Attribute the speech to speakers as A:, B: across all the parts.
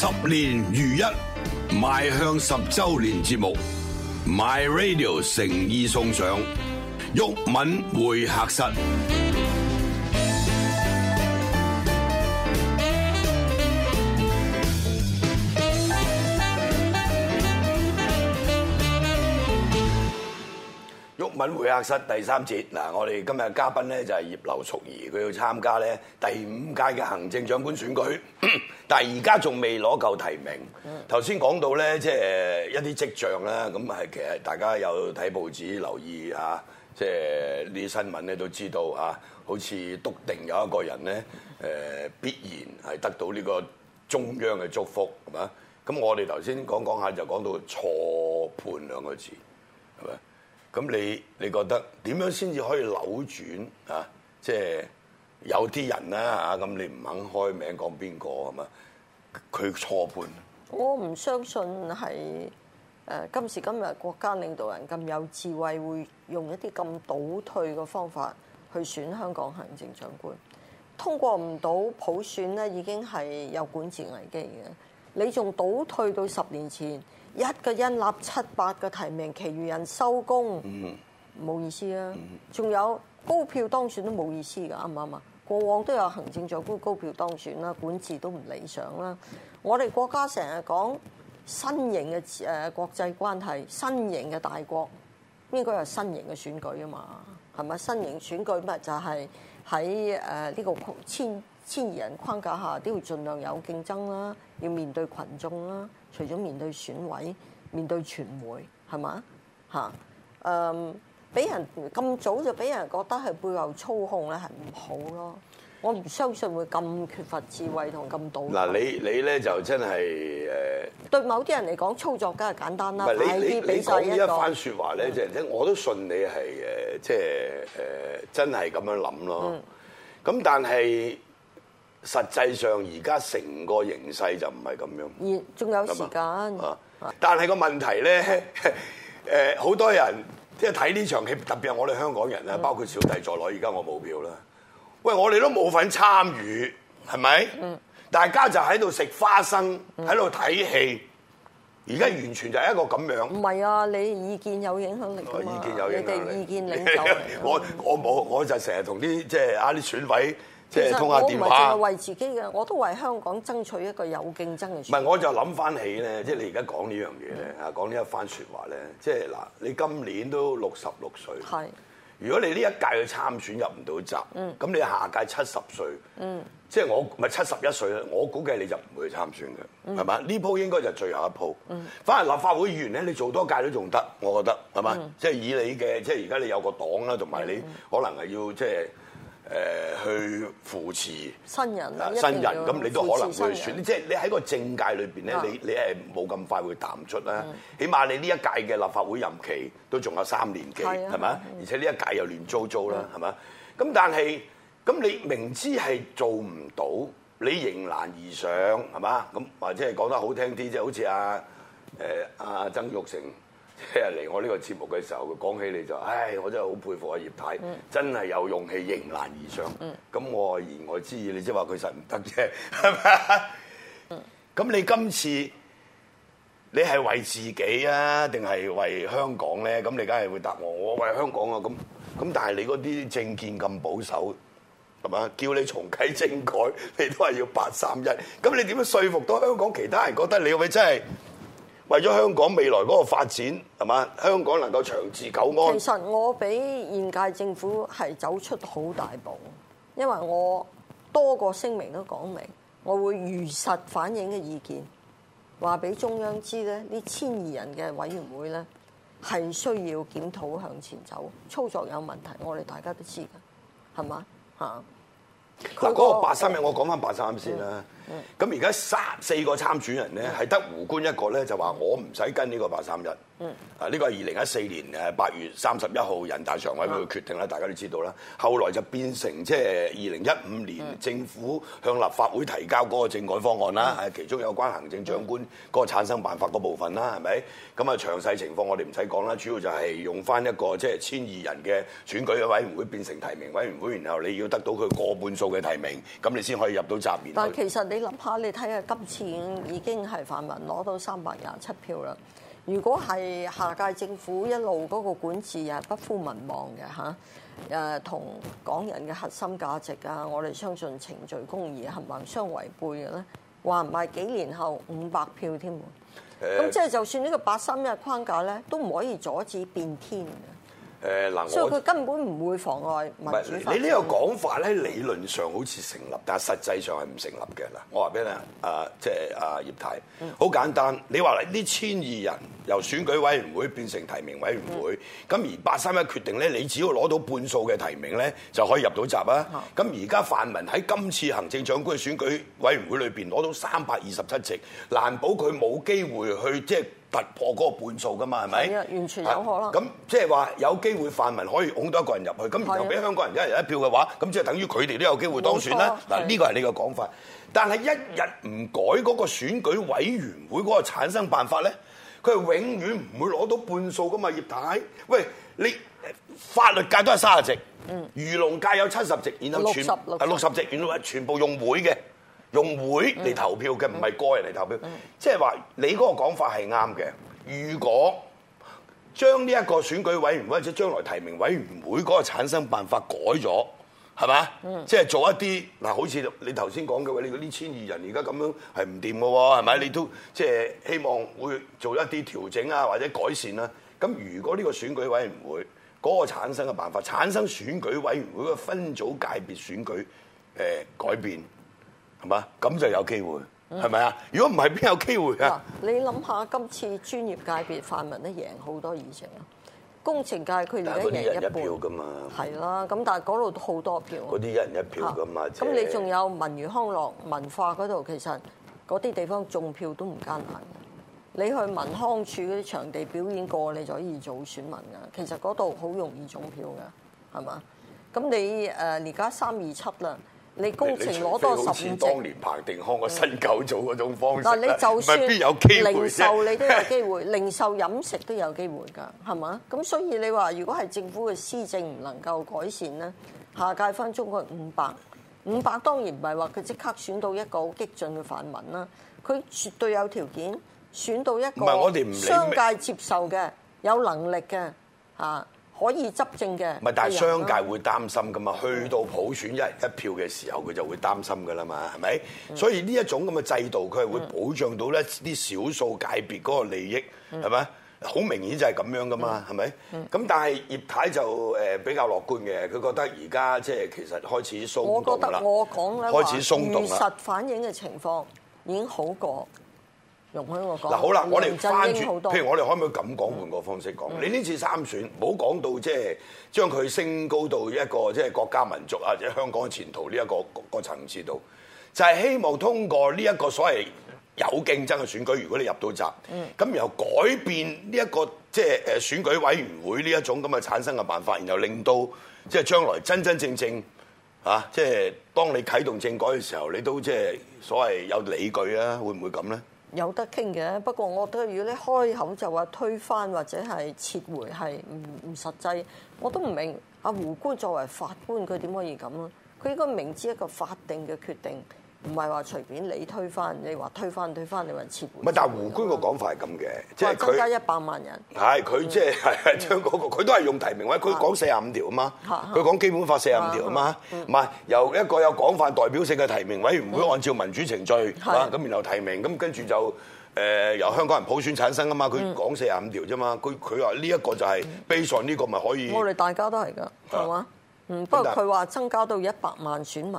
A: 十年如一，邁向十周年節目，My Radio 誠意送上， 毓民會客室。毓民會客室第三節，嗱，我哋今日嘅嘉賓咧就係葉劉淑儀，佢要參加咧第五屆嘅行政長官選舉，但係而家仲未攞夠提名。頭先講到咧，即係一啲跡象啦，咁係其實大家有睇報紙留意啊，即係啲新聞咧都知道啊，好似篤定有一個人咧，誒必然係得到呢個中央嘅祝福，係咪？咁我哋頭先講講下，就講到錯判兩個字，係咪？咁你你覺得點樣先至可以扭轉啊？即係有啲人啦、啊、嚇，咁、啊、你唔肯開名講邊個啊嘛？佢錯判。
B: 我唔相信係誒今時今日國家領導人咁有智慧，會用一啲咁倒退嘅方法去選香港行政長官。通過唔到普選咧，已經係有管治危機嘅。你仲倒退到十年前？一個人立七八個提名，其餘人收工，冇、嗯、意思啊。仲、嗯、有高票當選都冇意思噶，啱唔啱啊？過往都有行政長官高票當選啦，管治都唔理想啦。我哋國家成日講新型嘅誒國際關係，新型嘅大國應該有新型嘅選舉啊嘛，係咪新型選舉咪就係喺誒呢個籤？千二人框架下都要盡量有競爭啦，要面對羣眾啦，除咗面對選委，面對傳媒，係嘛？嚇，誒，俾人咁早就俾人覺得係背後操控咧，係唔好咯。我唔相信會咁缺乏智慧同咁賭。嗱，你
A: 你咧就真係誒，
B: 對某啲人嚟講操作梗係簡單啦。你你你講呢一
A: 番説話咧，即係聽我都信你係誒，即係誒真係咁樣諗咯。咁但係。實際上而家成個形勢就唔係咁樣，而
B: 仲有時間。
A: 但係個問題咧，誒，好多人即係睇呢場戲，特別係我哋香港人啦，包括小弟在內，而家我冇票啦。嗯、喂，我哋都冇份參與，係咪？嗯。大家就喺度食花生，喺度睇戲。而家完全就係一個咁樣。
B: 唔係啊，你意見有影響力。我意見有影響力。你哋意見領
A: 袖 我我冇，我就成日同啲即係啱啲選委。即係通下電話。我唔
B: 係淨係為自己嘅，我都為香港爭取一個有競爭嘅。唔係，
A: 我就諗翻起咧，即係你而家講呢樣嘢咧，啊講呢一番説話咧，即係嗱，你今年都六十六歲。係。如果你呢一屆去參選入唔到閘，咁你下屆七十歲，嗯，即係我咪七十一歲咧，我估計你就唔會參選嘅，係嘛？呢鋪應該就係最後一鋪。反而立法會議員咧，你做多屆都仲得，我覺得係嘛？即係以你嘅，即係而家你有個黨啦，同埋你可能係要即係。誒去扶持
B: 新人，新人，咁你都可能會選，即
A: 係你喺個政界裏邊咧，你你係冇咁快會淡出啦。起碼你呢一屆嘅立法會任期都仲有三年幾，係咪？而且呢一屆又亂糟糟啦，係咪？咁但係咁你明知係做唔到，你迎難而上係嘛？咁或者係講得好聽啲，即係好似阿、誒、阿曾鈺成。聽日嚟我呢個節目嘅時候，佢講起你就是，唉，我真係好佩服阿、啊、葉太，嗯、真係有勇氣迎難而上。咁、嗯、我言外之意，你即係話佢實唔得啫，係嘛？咁、嗯、你今次你係為自己啊，定係為香港咧？咁你梗係會答我，我為香港啊。咁咁但係你嗰啲政見咁保守，係嘛？叫你重啟政改，你都係要八三一。咁你點樣說服到香港其他人覺得你會真係？為咗香港未來嗰個發展係嘛？香港能夠長治久安，其實
B: 我比現屆政府係走出好大步，因為我多個聲明都講明，我會如實反映嘅意見，話俾中央知咧。呢千二人嘅委員會咧，係需要檢討向前走，操作有問題，我哋大家都知㗎係嘛嚇？嗱嗰個八三一嘅，呃、我
A: 講返八三一先啦。嗯咁而家三四個參選人咧，係得、嗯、胡官一個咧，就話我唔使跟呢個八三一。嗯。啊，呢個係二零一四年誒八月三十一號人大常委會決定啦，嗯、大家都知道啦。後來就變成即係二零一五年、嗯、政府向立法會提交嗰個政改方案啦，係、嗯、其中有關行政長官嗰個產生辦法嗰部分啦，係咪？咁啊，詳細情況我哋唔使講啦，主要就係用翻一個即係千二人嘅選舉嘅委員會變成提名委員會，然後你要得到佢過半數嘅提名，咁你先可以入到閘面。其
B: 實你。你諗下，你睇下今次已經係泛民攞到三百廿七票啦。如果係下屆政府一路嗰個管治係不孚民望嘅嚇，誒、啊、同、呃、港人嘅核心價值啊，我哋相信程序公義係咪相違背嘅咧？話唔埋幾年後五百票添，咁、呃、
A: 即係
B: 就算呢個八三一框架咧，都唔可以阻止變天嘅。
A: 誒嗱，呃、所以佢
B: 根本唔會妨礙民主唔係？你呢個
A: 講法咧理論上好似成立，但係實際上係唔成立嘅。嗱，我話俾你聽，誒即係阿葉太，好、嗯、簡單。你話嚟呢千二人。由選舉委員會變成提名委員會，咁是的 而八三一決定咧，你只要攞到半數嘅提名咧，就可以入到閘啦。咁而家泛民喺今次行政長官選舉委員會裏邊攞到三百二十七席，難保佢冇機會去即係突破嗰個半數噶嘛？係咪？完全有可能、啊。咁即係話有機會泛民可以好多一個人入去，咁如果俾香港人一人一票嘅話，咁是的 即係等於佢哋都有機會當選啦。嗱，呢個係你個講法，但係一日唔改嗰個選舉委員會嗰個產生辦法咧？佢係永遠唔會攞到半數噶嘛，葉太，太。喂，你法律界都係三十席，漁農、嗯、界有七十席，然後全六十、啊、席，然後全部用會嘅，用會嚟投票嘅，唔係、嗯、個人嚟投票。即係話你嗰個講法係啱嘅。如果將呢一個選舉委員會或者將來提名委員會嗰個產生辦法改咗。係嘛？嗯、即係做一啲嗱，好似你頭先講嘅話，你嗰啲千二人而家咁樣係唔掂嘅喎，係咪？你都即係希望會做一啲調整啊，或者改善啦、啊。咁如果呢個選舉委唔會選舉委員會嗰、嗰個產生嘅辦法，產生選舉委員會嘅分組界別選舉誒、呃、改變，係嘛？咁就有機會，係咪啊？嗯、如果唔係，邊有機會啊？
B: 你諗下，今次專業界別泛民都贏好多議席啊！工程界佢而家一人一票噶嘛，係啦，咁但係嗰度好多票。嗰
A: 啲一人一票噶嘛，咁、就係啊、你仲
B: 有文娛康樂文化嗰度，其實嗰啲地方中票都唔艱難。你去文康處嗰啲場地表演過，你就可以做選民㗎。其實嗰度好容易中票㗎，係嘛？咁你誒而家三二七啦。呃你工程攞多十五億，當
A: 年彭定康嘅新九組嗰種方式，唔係邊有機會先？零售你都有
B: 機會，零售飲食都有機會㗎，係嘛？咁所以你話如果係政府嘅施政唔能夠改善咧，下屆翻中國五百，五百當然唔係話佢即刻選到一個好激進嘅泛民啦，佢絕對有條件選到一個商界接受嘅，有能力嘅嚇。可以執政嘅，唔係，但係商界
A: 會擔心噶嘛？去到普選一人一票嘅時候，佢就會擔心噶啦嘛，係咪？嗯、所以呢一種咁嘅制度，佢係會保障到咧啲、嗯、少數界別嗰個利益，係咪？好、嗯、明顯就係咁樣噶嘛，係咪？咁但係葉太就誒比較樂觀嘅，佢覺得而家即係其實開始鬆動啦，我覺得我
B: 講咧開始鬆動啦，預實反映嘅情況已經好過。容許我講，嗱好啦吧，我哋翻轉，譬如
A: 我哋可唔可以咁講，嗯、換個方式講，嗯、你呢次三選，唔好講到即係將佢升高到一個即係國家民族或者香港前途呢、這、一個個,個層次度，就係、是、希望通過呢一個所謂有競爭嘅選舉，如果你入到閘，咁然後、嗯、改變呢一個即係誒選舉委員會呢一種咁嘅產生嘅辦法，然後令到即係將來真真正正嚇，即、啊、係、就是、當你啟動政改嘅時候，你都即係所謂有理據啊，會唔會咁咧？
B: 有得傾嘅，不過我覺得如果你開口就話推翻或者係撤回係唔唔實際，我都唔明阿胡官作為法官佢點可以咁咯？佢應該明知一個法定嘅決定。唔係話隨便你推翻，你話推翻推翻你話撤回。唔係，但係
A: 胡官個講法係咁嘅，即係增加一百萬人。係佢即係將個，佢都係用提名委。佢講四十五條啊嘛。佢講基本法四十五條啊嘛，唔係由一個有廣泛代表性嘅提名委員會按照民主程序咁然後提名，咁跟住就誒由香港人普選產生啊嘛。佢講四十五條啫嘛，佢佢話呢一個就係悲慘，呢個咪可以。我哋
B: 大家都係㗎，係嘛？嗯，不過佢話增加到一百萬選民。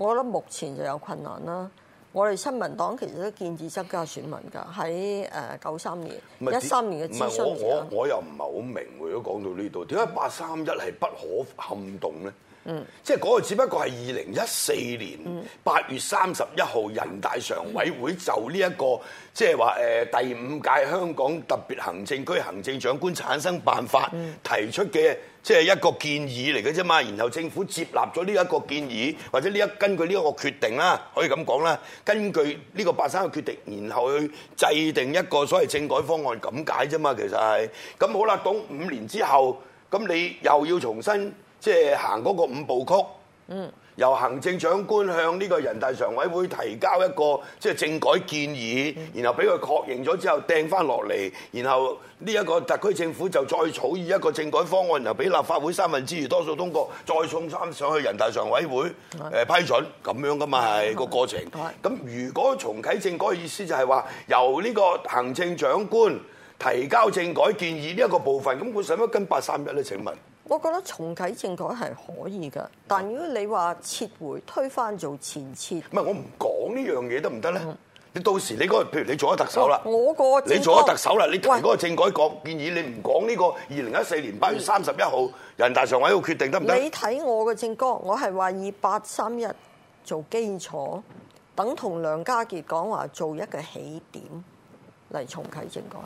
B: 我覺得目前就有困難啦。我哋新民黨其實都建議增加選民㗎，喺誒九三年、一三是年嘅諮詢時間。我我
A: 我又唔係好明，如果講到呢度，點解八三一係不可撼動咧？嗯，即係嗰個只不過係二零一四年八月三十一號人大常委會就呢、這、一個、嗯、即係話誒第五屆香港特別行政區行政長官產生辦法提出嘅、嗯、即係一個建議嚟嘅啫嘛，然後政府接納咗呢一個建議，或者呢一根據呢一個決定啦，可以咁講啦，根據呢個八三嘅決定，然後去制定一個所謂政改方案咁解啫嘛，其實係咁好啦，到五年之後，咁你又要重新。即係行嗰個五步曲，嗯、由行政長官向呢個人大常委會提交一個即係、就是、政改建議，嗯、然後俾佢確認咗之後掟翻落嚟，然後呢一個特區政府就再草擬一個政改方案，然後俾立法會三分之二多數通過，再送三上去人大常委會誒的、呃、批准，咁樣㗎嘛係的個過程。咁如果重啟政改，意思就係話由呢個行政長官提交政改建議呢一個部分，咁佢使乜跟八三一咧？請問？
B: 我覺得重啟政改係可以噶，但如果你話撤回推翻做前設，唔係我唔講呢
A: 樣嘢得唔得咧？你到時你嗰個譬如你做咗特首啦，我個你做咗特首啦喂，你提嗰個政改局建議，你唔講呢個二零一四年八月三十一號人大常委嗰個決定得唔得？行行你
B: 睇我嘅政綱，我係話以八三一做基礎，等同梁家傑講話做一個起點。嚟重啟政改。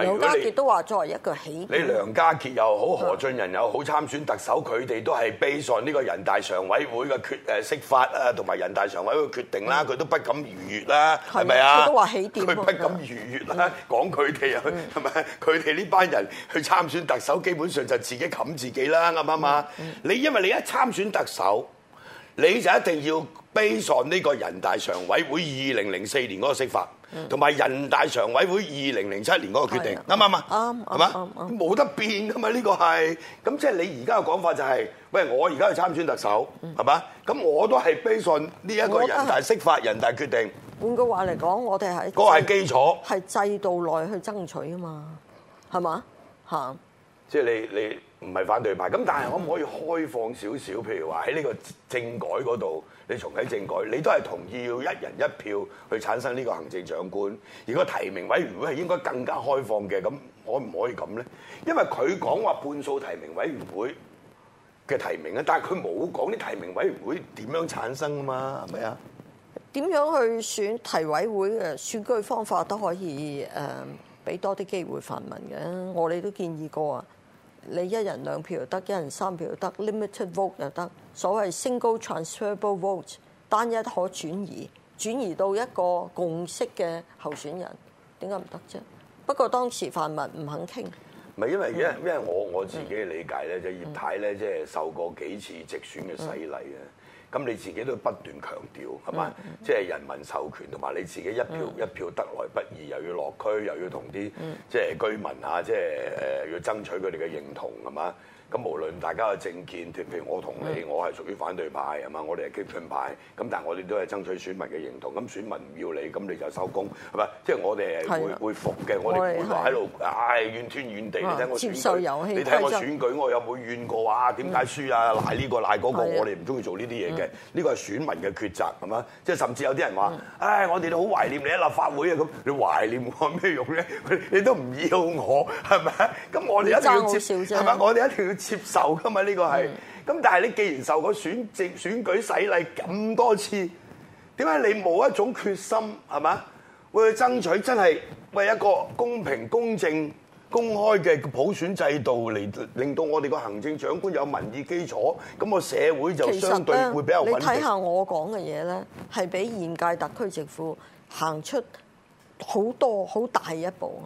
B: 劉家杰都話作為一個起點你，你梁
A: 家傑又好，何俊仁又好參選特首，佢哋都係 base on 呢個人大常委會嘅決誒釋法啊，同埋人大常委嘅決定啦，佢都不敢逾越啦，係咪啊？佢吧都話起點，佢不敢逾越啦。講佢哋又係咪？佢哋呢班人去參選特首，基本上就自己冚自己啦，啱唔啱啊？你的因為你一參選特首，你就一定要 base on 呢個人大常委會二零零四年嗰個釋法。同埋人大常委會二零零七年嗰個決定啱唔啱啊？啱，係嘛？冇得變噶嘛？呢個係咁，即係你而家嘅講法就係，喂，我而家去參選特首，係嘛、嗯？咁我都係 base on 呢一個人大釋法、人大決定。
B: 換句話嚟講，我哋係、嗯嗰個係基礎，係制度內去爭取啊嘛，係嘛？吓？
A: 即係你你唔係反對派，咁但係可唔可以開放少少？譬如話喺呢個政改嗰度。你重啟政改，你都係同意要一人一票去產生呢個行政長官。如果提名委員會係應該更加開放嘅，咁可唔可以咁呢？因為佢講話半數提名委員會嘅提名啊，但係佢冇講啲提名委員會點樣產生啊嘛，係咪啊？
B: 點樣去選提委會嘅選舉方法都可以誒，俾、呃、多啲機會泛民嘅。我哋都建議過啊。你一人兩票又得，一人三票又得，limited vote 又得，所謂 single transferable vote 單一可轉移，轉移到一個共識嘅候選人，點解唔得啫？不過當時泛民唔肯傾，
A: 唔係因為嘅，因為我我自己嘅理解咧，就葉太咧即係受過幾次直選嘅洗禮。嘅。咁你自己都不斷強調係嘛？即係人民授權同埋你自己一票一票得來不易，又要落區又要同啲即係居民呀，即係誒要爭取佢哋嘅認同係嘛？咁無論大家嘅政見，譬如我同你，我係屬於反對派，係嘛？我哋係激進派，咁但係我哋都係爭取選民嘅認同。咁選民唔要你，咁你就收工，係咪？即係我哋係會會服嘅。我哋唔會喺度唉怨天怨地。你睇我選你睇我選舉，我有冇怨過啊？點解輸啊？賴呢個賴嗰個？我哋唔中意做呢啲嘢嘅。呢個係選民嘅抉擇，係嘛？即係甚至有啲人話：唉，我哋好懷念你喺立法會啊咁，你懷念我咩用咧？你都唔要我，係咪？咁我哋一定要接，係咪？我哋一定要。接受噶嘛？呢、這個係。咁，但係你既然受過選政、選舉洗禮咁多次，點解你冇一種決心係嘛？會去爭取真係為一個公平、公正、公開嘅普選制度嚟，令到我哋個行政長官有民意基礎，咁個社會就相對會比較穩定。你睇下
B: 我講嘅嘢咧，係比現屆特區政府行出好多好大一步，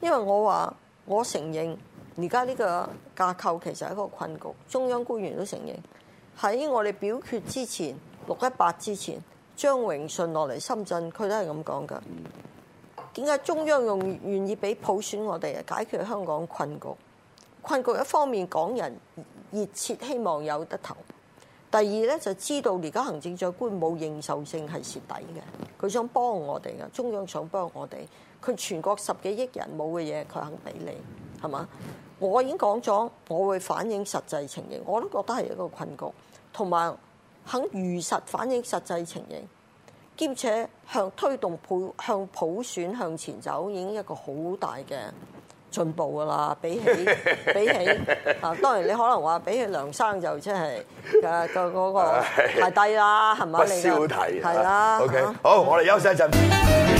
B: 因為我話，我承認。而家呢個架構其實係一個困局，中央官員都承認。喺我哋表決之前，六一八之前，張榮順落嚟深圳，佢都係咁講噶。點解中央用願意俾普選我哋啊？解決香港困局。困局一方面，港人熱切希望有得投；第二咧，就知道而家行政長官冇認受性係蝕底嘅。佢想幫我哋噶，中央想幫我哋。佢全國十幾億人冇嘅嘢，佢肯俾你係嘛？我已經講咗，我會反映實際情形，我都覺得係一個困局，同埋肯如實反映實際情形，兼且向推動普向普選向前走，已經一個好大嘅進步㗎啦。比起比起啊， 當然你可能話比起梁生就即係嘅個嗰個太低啦，係咪 你不消提係啦。好，嗯，
A: 我哋休息一陣。